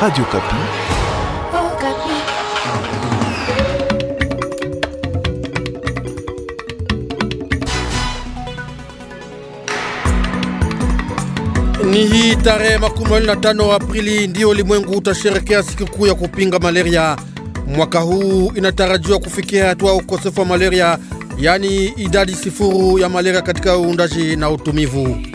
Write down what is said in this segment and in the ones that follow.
Radio Kapi. Oh, Kapi. Ni hii tarehe makumi mawili na tano Aprili ndiyo ulimwengu utasherekea sikukuu ya kupinga malaria. Mwaka huu inatarajiwa kufikia hatua ukosefu wa malaria, yaani idadi sifuru ya malaria katika uundaji na utumivu.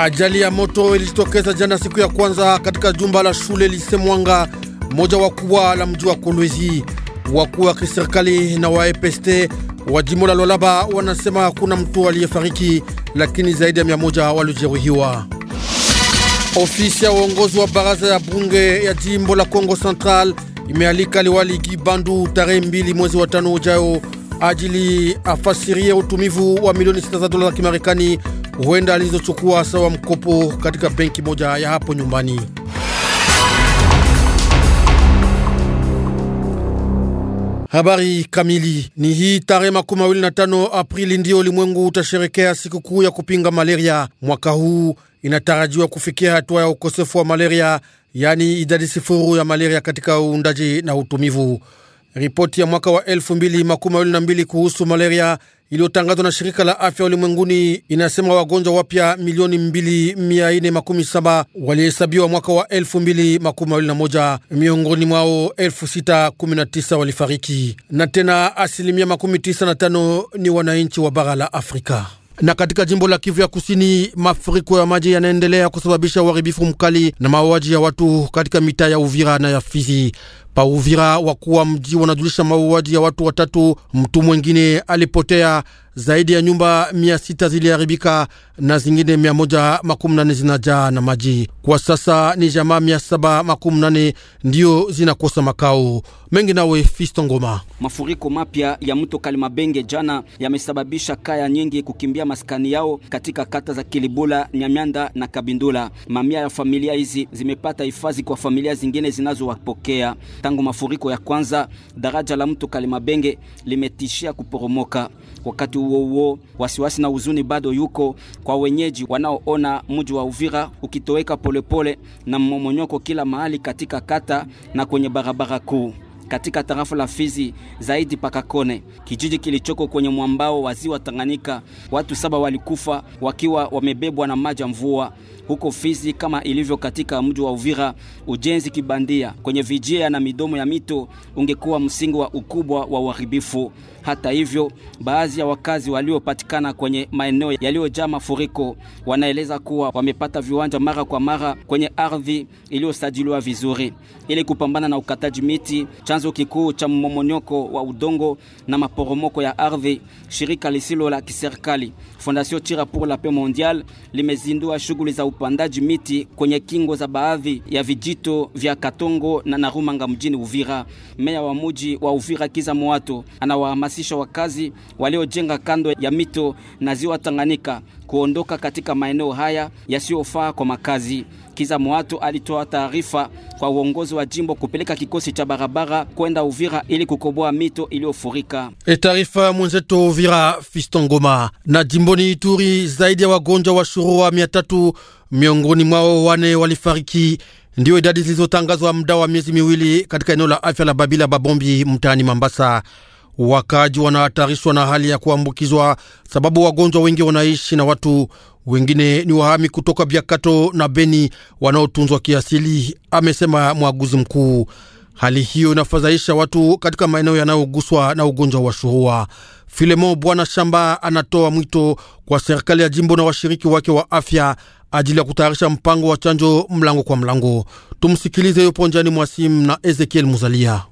Ajali ya moto ilitokeza jana siku ya kwanza katika jumba la shule lisemwanga moja wa kubwa la mji wa Kolwezi. Wakuu wa kiserikali na wa EPST wa jimbo la Lwalaba wanasema hakuna mtu aliyefariki, lakini zaidi ya mia moja walijeruhiwa. Ofisi ya uongozi wa baraza ya bunge ya jimbo la Kongo Central imealika liwali Gibandu tarehe mbili mwezi wa tano ujao ajili afasirie utumivu wa milioni sita za dola za Kimarekani huenda alizochukua sawa mkopo katika benki moja ya hapo nyumbani. Habari kamili ni hii. Tarehe makumi mawili na tano Aprili ndiyo ulimwengu utasherekea sikukuu ya kupinga malaria. Mwaka huu inatarajiwa kufikia hatua ya ukosefu wa malaria, yaani idadi sifuru ya malaria katika uundaji na utumivu. Ripoti ya mwaka wa 2022 kuhusu malaria iliyotangazwa na shirika la afya ulimwenguni inasema wagonjwa wapya milioni 2417 walihesabiwa mwaka wa 221 miongoni mwao 619 walifariki, na tena asilimia 95 ni wananchi wa bara la Afrika na katika jimbo la Kivu ya Kusini, mafuriko ya maji yanaendelea kusababisha uharibifu mkali na mauaji ya watu katika mitaa ya Uvira na ya Fizi. Pa Uvira, wakuu wa mji wanajulisha mauaji ya watu watatu, mtu mwengine alipotea. Zaidi ya nyumba mia sita ziliharibika na zingine mia moja makumi nane zinajaa na maji. Kwa sasa ni jamaa mia saba makumi nane ndiyo zinakosa makao mengi. Nawe Fisto Ngoma. Mafuriko mapya ya mto Kalimabenge jana yamesababisha kaya nyingi kukimbia maskani yao katika kata za Kilibula, Nyamyanda na Kabindula. Mamia ya familia hizi zimepata hifadhi kwa familia zingine zinazowapokea. Tangu mafuriko ya kwanza, daraja la mto Kalimabenge limetishia kuporomoka. Wakati huo huo, wasiwasi na huzuni bado yuko kwa wenyeji wanaoona mji wa Uvira ukitoweka polepole na mmomonyoko kila mahali katika kata na kwenye barabara kuu katika tarafa la Fizi, zaidi Pakakone, kijiji kilichoko kwenye mwambao wa ziwa Tanganyika. Watu saba walikufa wakiwa wamebebwa na maji ya mvua. Huko Fizi, kama ilivyo katika mji wa Uvira, ujenzi kibandia kwenye vijia na midomo ya mito ungekuwa msingi wa ukubwa wa uharibifu. Hata hivyo, baadhi ya wakazi waliopatikana kwenye maeneo yaliyojaa mafuriko wanaeleza kuwa wamepata viwanja mara kwa mara kwenye ardhi iliyosajiliwa vizuri ili kupambana na ukataji miti chanzo kikuu cha mmomonyoko wa udongo na maporomoko ya ardhi. Shirika lisilo la kiserikali Fondation Tira pour la Paix Mondiale limezindua shughuli za upandaji miti kwenye kingo za baadhi ya vijito vya Katongo na Narumanga mjini Uvira. Meya wa muji wa Uvira Kiza Mwato anawahamasisha wakazi waliojenga kando ya mito na ziwa Tanganyika kuondoka katika maeneo haya yasiyofaa kwa makazi. Kiza Mwatu alitoa taarifa kwa uongozi wa jimbo kupeleka kikosi cha barabara kwenda Uvira ili kukoboa mito iliyofurika. E, taarifa mwenzetu Uvira Fistongoma. Na jimboni Ituri, zaidi ya wagonjwa wa shurua mia tatu miongoni mwao wane walifariki. Ndiyo idadi zilizotangazwa muda wa miezi miwili katika eneo la afya la Babila Babombi mtaani Mambasa. Wakaji wanahatarishwa na hali ya kuambukizwa sababu wagonjwa wengi wanaishi na watu wengine ni wahami kutoka Biakato na Beni wanaotunzwa kiasili, amesema mwaguzi mkuu. Hali hiyo inafadhaisha watu katika maeneo yanayoguswa na ugonjwa wa shurua. filemo Bwana Shamba anatoa mwito kwa serikali ya jimbo na washiriki wake wa afya ajili ya kutayarisha mpango wa chanjo mlango kwa mlango. Tumsikilize, yupo njani mwa simu na Ezekiel Muzalia.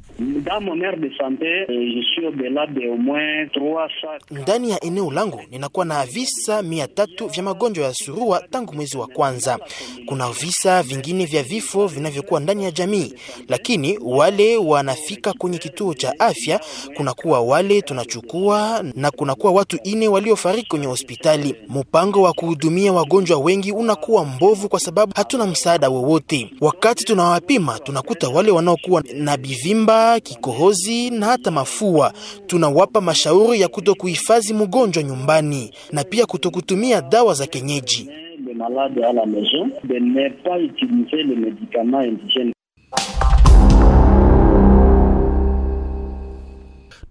Dans mon aire de santé, euh, je suis au-delà de au moins 300. Ndani ya eneo langu ninakuwa na visa mia tatu vya magonjwa ya surua tangu mwezi wa kwanza. Kuna visa vingine vya vifo vinavyokuwa ndani ya jamii, lakini wale wanafika kwenye kituo cha afya, kunakuwa wale tunachukua na kunakuwa watu ine waliofariki kwenye hospitali. Mpango wa kuhudumia wagonjwa wengi unakuwa mbovu kwa sababu hatuna msaada wowote. Wakati tunawapima tunakuta wale wanaokuwa na bivimba kikohozi na hata mafua. Tunawapa mashauri ya kuto kuhifadhi mgonjwa nyumbani na pia kutokutumia dawa za kenyeji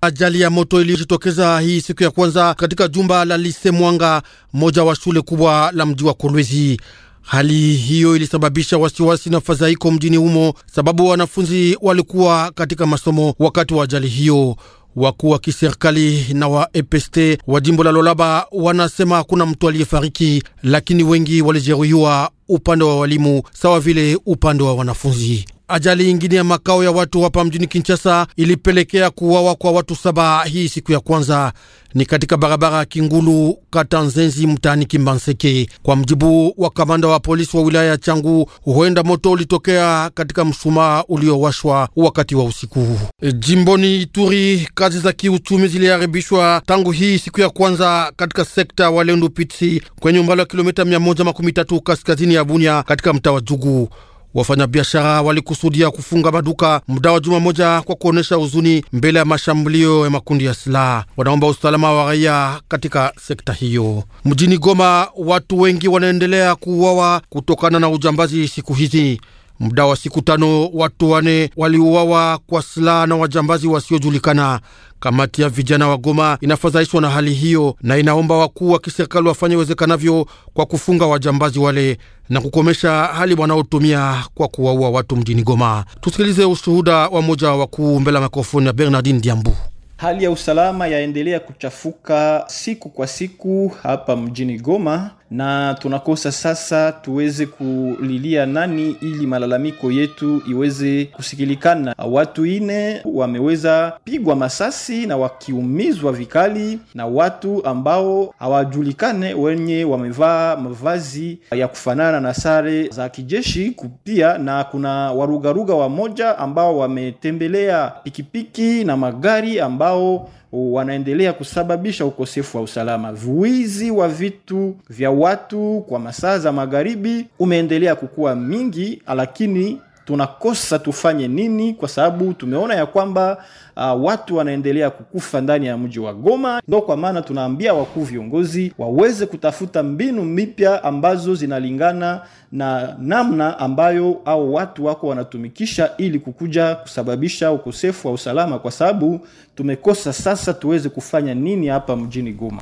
Ajali ya moto ilijitokeza hii siku ya kwanza katika jumba la Lise Mwanga, moja wa shule kubwa la mji wa Kolwezi. Hali hiyo ilisababisha wasiwasi na fadhaiko mjini humo, sababu wanafunzi walikuwa katika masomo wakati wa ajali hiyo. Wakuu wa kiserikali na wa EPST wa jimbo la Lolaba wanasema hakuna mtu aliyefariki, lakini wengi walijeruhiwa upande wa walimu sawa vile upande wa wanafunzi. Ajali ingine ya makao ya watu hapa mjini Kinshasa ilipelekea kuwawa kwa watu saba hii siku ya kwanza, ni katika barabara ya Kingulu kata Nzenzi mtaani Kimbanseke. Kwa mjibu wa kamanda wa polisi wa wilaya ya Changu, huenda moto ulitokea katika mshumaa uliowashwa wakati wa usiku. E, jimboni Ituri, kazi za kiuchumi ziliharibishwa tangu hii siku ya kwanza katika sekta wa Lendu Pitsi kwenye umbali wa kilomita 113 kaskazini ya Bunia katika mtaa wa Jugu. Wafanyabiashara walikusudia kufunga maduka muda wa juma moja kwa kuonyesha huzuni mbele ya mashambulio ya makundi ya silaha. Wanaomba usalama wa raia katika sekta hiyo. Mjini Goma, watu wengi wanaendelea kuuawa kutokana na ujambazi siku hizi. Muda wa siku tano watu wane waliuawa kwa silaha na wajambazi wasiojulikana. Kamati ya vijana wa Goma inafadhaishwa na hali hiyo na inaomba wakuu wa kiserikali wafanye wezekanavyo kwa kufunga wajambazi wale na kukomesha hali wanaotumia kwa kuwaua watu mjini Goma. Tusikilize ushuhuda wa mmoja wa wakuu mbele ya mikrofoni ya Bernardin Diambu. Hali ya usalama yaendelea kuchafuka siku kwa siku hapa mjini Goma na tunakosa sasa tuweze kulilia nani ili malalamiko yetu iweze kusikilikana. Watu ine wameweza pigwa masasi na wakiumizwa vikali na watu ambao hawajulikane wenye wamevaa mavazi ya kufanana na sare za kijeshi. kupia na kuna warugaruga wamoja ambao wametembelea pikipiki na magari ambao wanaendelea kusababisha ukosefu wa usalama. Wizi wa vitu vya watu kwa masaa za magharibi umeendelea kukua mingi, lakini tunakosa tufanye nini kwa sababu tumeona ya kwamba uh, watu wanaendelea kukufa ndani ya mji wa Goma. Ndo kwa maana tunaambia wakuu viongozi waweze kutafuta mbinu mipya ambazo zinalingana na namna ambayo au watu wako wanatumikisha ili kukuja kusababisha ukosefu wa usalama, kwa sababu tumekosa sasa tuweze kufanya nini hapa mjini Goma.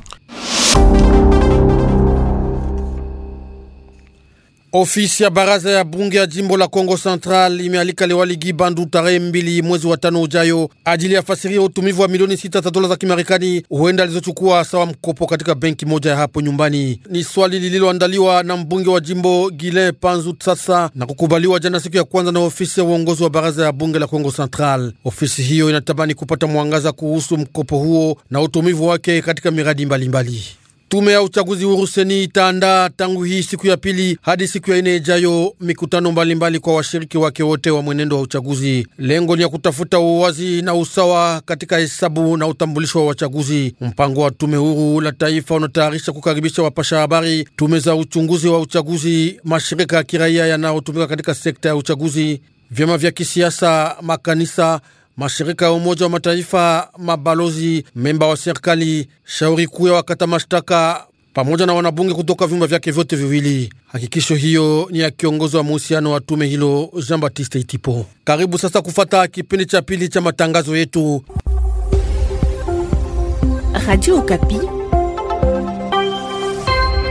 Ofisi ya baraza ya bunge ya jimbo la Kongo Central imealika Lewali Gibandu tarehe mbili mwezi wa tano ujayo ajili ya fasiria utumivu wa milioni sita za dola za Kimarekani huenda alizochukua sawa mkopo katika benki moja ya hapo nyumbani. Ni swali lililoandaliwa na mbunge wa jimbo Gile Panzu sasa na kukubaliwa jana siku ya kwanza na ofisi ya uongozi wa baraza ya bunge la Kongo Central. Ofisi hiyo inatamani kupata mwangaza kuhusu mkopo huo na utumivu wake katika miradi mbalimbali mbali. Tume ya uchaguzi huru seni itaandaa tangu hii siku ya pili hadi siku ya ine ijayo mikutano mbalimbali mbali kwa washiriki wake wote wa mwenendo wa uchaguzi. Lengo ni ya kutafuta uwazi na usawa katika hesabu na utambulisho wa wachaguzi. Mpango wa tume huru la taifa unatayarisha kukaribisha wapasha habari, tume za uchunguzi wa uchaguzi, mashirika ya kiraia yanayotumika katika sekta ya uchaguzi, vyama vya kisiasa, makanisa mashirika ya Umoja wa Mataifa, mabalozi, memba wa serikali, shauri kuu ya wakata mashtaka pamoja na wanabunge kutoka vyumba vyake vyote viwili. Hakikisho hiyo ni ya kiongozi wa muhusiano wa tume hilo Jean Baptiste Itipo. Karibu sasa kufata kipindi cha pili cha matangazo yetu Radio Okapi,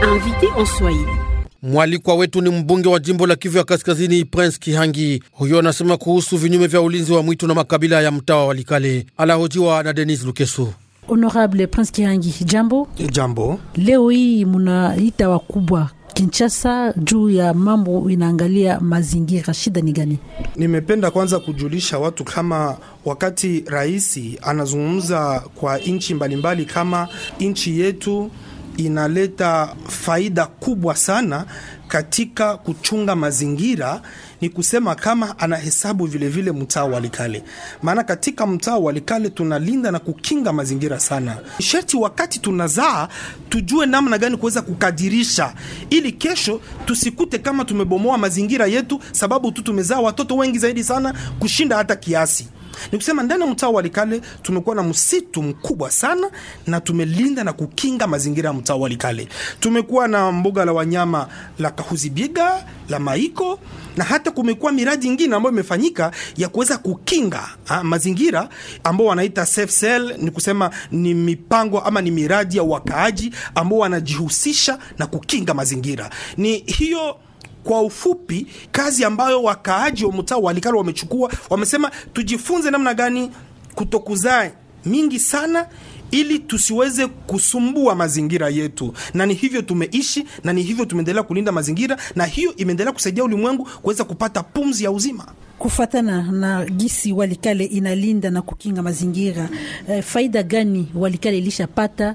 invité en Swahili. Mwalikwa wetu ni mbunge wa jimbo la Kivu ya Kaskazini, Prince Kihangi. Huyo anasema kuhusu vinyume vya ulinzi wa mwitu na makabila ya mtawa Walikale. Alahojiwa na Denis lukesu Honorable Prince Kihangi, jambo. Jambo. Leo hii munaita wakubwa Kinshasa juu ya mambo inaangalia mazingira, shida ni gani? Nimependa kwanza kujulisha watu kama wakati rais anazungumza kwa nchi mbalimbali kama nchi yetu inaleta faida kubwa sana katika kuchunga mazingira ni kusema kama anahesabu vilevile mtaa wa Walikale, maana katika mtaa wa Walikale tunalinda na kukinga mazingira sana. sherti wakati tunazaa tujue namna gani kuweza kukadirisha, ili kesho tusikute kama tumebomoa mazingira yetu, sababu tu tumezaa watoto wengi zaidi sana kushinda hata kiasi. Ni kusema ndani ya mtaa wa Walikale tumekuwa na msitu mkubwa sana na tumelinda na kukinga mazingira ya mtaa wa Walikale. Tumekuwa na mbuga la wanyama la Kahuzi-Biega, la Maiko na hata kumekuwa miradi ingine ambayo imefanyika ya kuweza kukinga ha, ah, mazingira ambao wanaita safe cell, ni kusema ni mipango ama ni miradi ya wakaaji ambao wanajihusisha na kukinga mazingira. Ni hiyo kwa ufupi, kazi ambayo wakaaji wa mtaa Walikale wamechukua, wamesema tujifunze namna gani kutokuzaa mingi sana ili tusiweze kusumbua mazingira yetu, na ni hivyo tumeishi na ni hivyo tumeendelea kulinda mazingira, na hiyo imeendelea kusaidia ulimwengu kuweza kupata pumzi ya uzima kufatana na gisi Walikale inalinda na kukinga mazingira e, faida gani Walikale ilishapata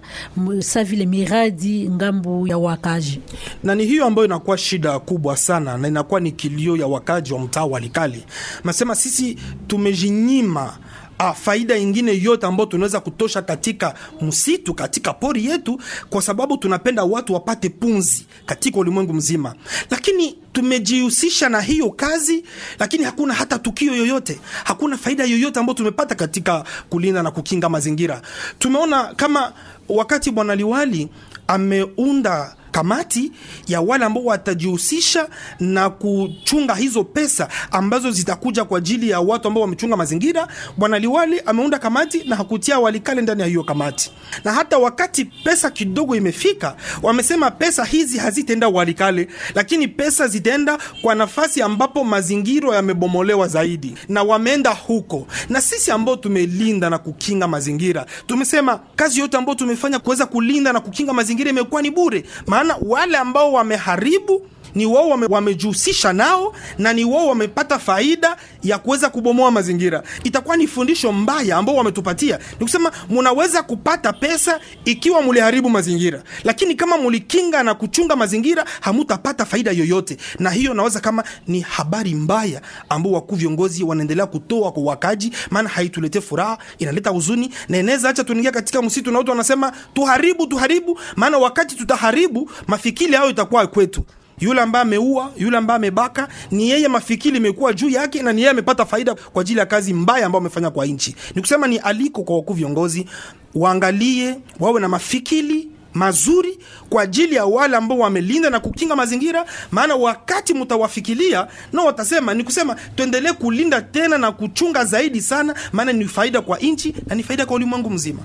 sa vile miradi ngambo ya wakaji? Na ni hiyo ambayo inakuwa shida kubwa sana na inakuwa ni kilio ya wakaji wa mtaa Walikale, nasema sisi tumejinyima a faida ingine yote ambayo tunaweza kutosha katika msitu, katika pori yetu, kwa sababu tunapenda watu wapate punzi katika ulimwengu mzima, lakini tumejihusisha na hiyo kazi, lakini hakuna hata tukio yoyote, hakuna faida yoyote ambayo tumepata katika kulinda na kukinga mazingira. Tumeona kama wakati Bwana Liwali ameunda kamati ya wale ambao watajihusisha na kuchunga hizo pesa ambazo zitakuja kwa ajili ya watu ambao wamechunga mazingira. Bwana Liwali ameunda kamati na hakutia walikale ndani ya hiyo kamati, na hata wakati pesa kidogo imefika, wamesema pesa hizi hazitenda walikale, lakini pesa zitaenda kwa nafasi ambapo mazingira yamebomolewa zaidi, na wameenda huko. Na sisi ambao tumelinda na kukinga mazingira tumesema kazi yote ambayo tumefanya kuweza kulinda na kukinga mazingira imekuwa ni bure Ma maana wale ambao wameharibu ni wao wamejihusisha nao na ni wao wamepata faida ya kuweza kubomoa mazingira. Itakuwa ni fundisho mbaya ambao wametupatia, ni kusema munaweza kupata pesa ikiwa muliharibu mazingira, lakini kama mulikinga na kuchunga mazingira hamutapata faida yoyote. Na hiyo naweza kama ni habari mbaya ambao wakuu viongozi wanaendelea kutoa kwa wakaji, maana haituletee furaha, inaleta huzuni na inaweza acha tuingia katika msitu na watu wanasema tuharibu, tuharibu, maana wakati tutaharibu mafikiri hayo itakuwa kwetu yule ambaye ameua, yule ambaye amebaka, ni yeye mafikiri imekuwa juu yake, na ni yeye amepata faida kwa ajili ya kazi mbaya ambayo amefanya kwa nchi. Ni kusema ni aliko kwa wakuu viongozi waangalie, wawe na mafikiri mazuri kwa ajili ya wale ambao wamelinda na kukinga mazingira, maana wakati mtawafikilia na watasema, ni kusema tuendelee kulinda tena na kuchunga zaidi sana, maana ni faida kwa nchi na ni faida kwa ulimwengu mzima.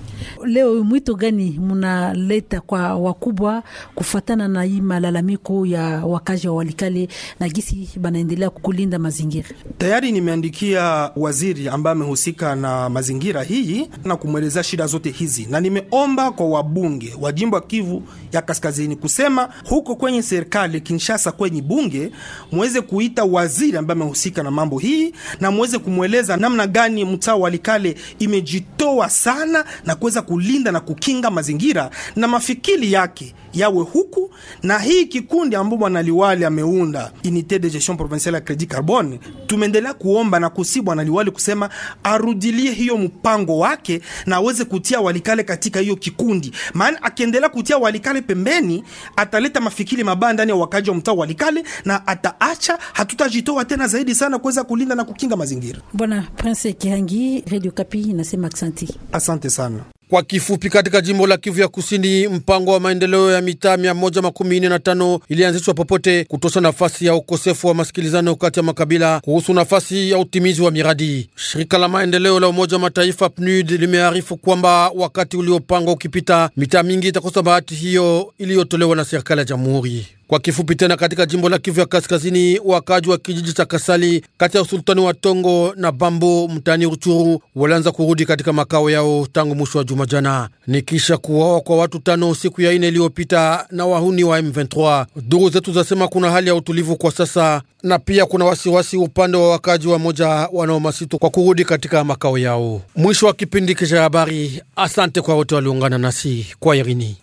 Leo mwito gani mnaleta kwa wakubwa kufuatana na hii malalamiko ya wakazi wa Walikale na gisi banaendelea kulinda mazingira? Tayari nimeandikia waziri ambaye amehusika na mazingira hii na kumwelezea shida zote hizi, na nimeomba kwa wabunge wa jimbo jimbo ya Kivu ya Kaskazini, kusema huko kwenye serikali Kinshasa, kwenye bunge muweze kuita waziri ambaye amehusika na mambo hii na muweze kumweleza namna gani mtaa wa Likale imejitoa sana na kuweza kulinda na kukinga mazingira na mafikiri yake yawe huku na hii kikundi ambao bwana Liwali ameunda Unité de Gestion Provinciale ya Credit Carbone. Tumeendelea kuomba na kusi bwana Liwali kusema arudilie hiyo mpango wake na aweze kutia Walikale katika hiyo kikundi, maana akiendelea ataendelea kutia Walikale pembeni, ataleta mafikiri mabaya ndani ya wakaji wa mtaa Walikale na ataacha, hatutajitoa tena zaidi sana kuweza kulinda na kukinga mazingira. Bwana Prince Kihangi, Radio Kapi nasema asante, asante sana. Kwa kifupi, katika jimbo la Kivu ya Kusini, mpango wa maendeleo ya mitaa 145 ilianzishwa popote kutosha nafasi ya ukosefu wa masikilizano kati ya makabila kuhusu nafasi ya utimizi wa miradi. Shirika la maendeleo la Umoja wa Mataifa PNUD limearifu kwamba wakati uliopangwa ukipita, mitaa mingi itakosa bahati hiyo iliyotolewa na serikali ya jamhuri. Kwa kifupi tena, katika jimbo la Kivu ya Kaskazini, wakaaji wa kijiji cha Kasali kati ya usultani wa Tongo na Bambo mtaani Ruchuru walianza kurudi katika makao yao tangu mwisho wa juma jana, ni kisha kuwawa kwa watu tano siku ya ine iliyopita na wahuni wa M23. Duru zetu zasema kuna hali ya utulivu kwa sasa, na pia kuna wasiwasi upande wa wakaaji wa moja wanaomasitu kwa kurudi katika makao yao. Mwisho wa kipindi kisha habari. Asante kwa wote waliungana nasi kwa Irini.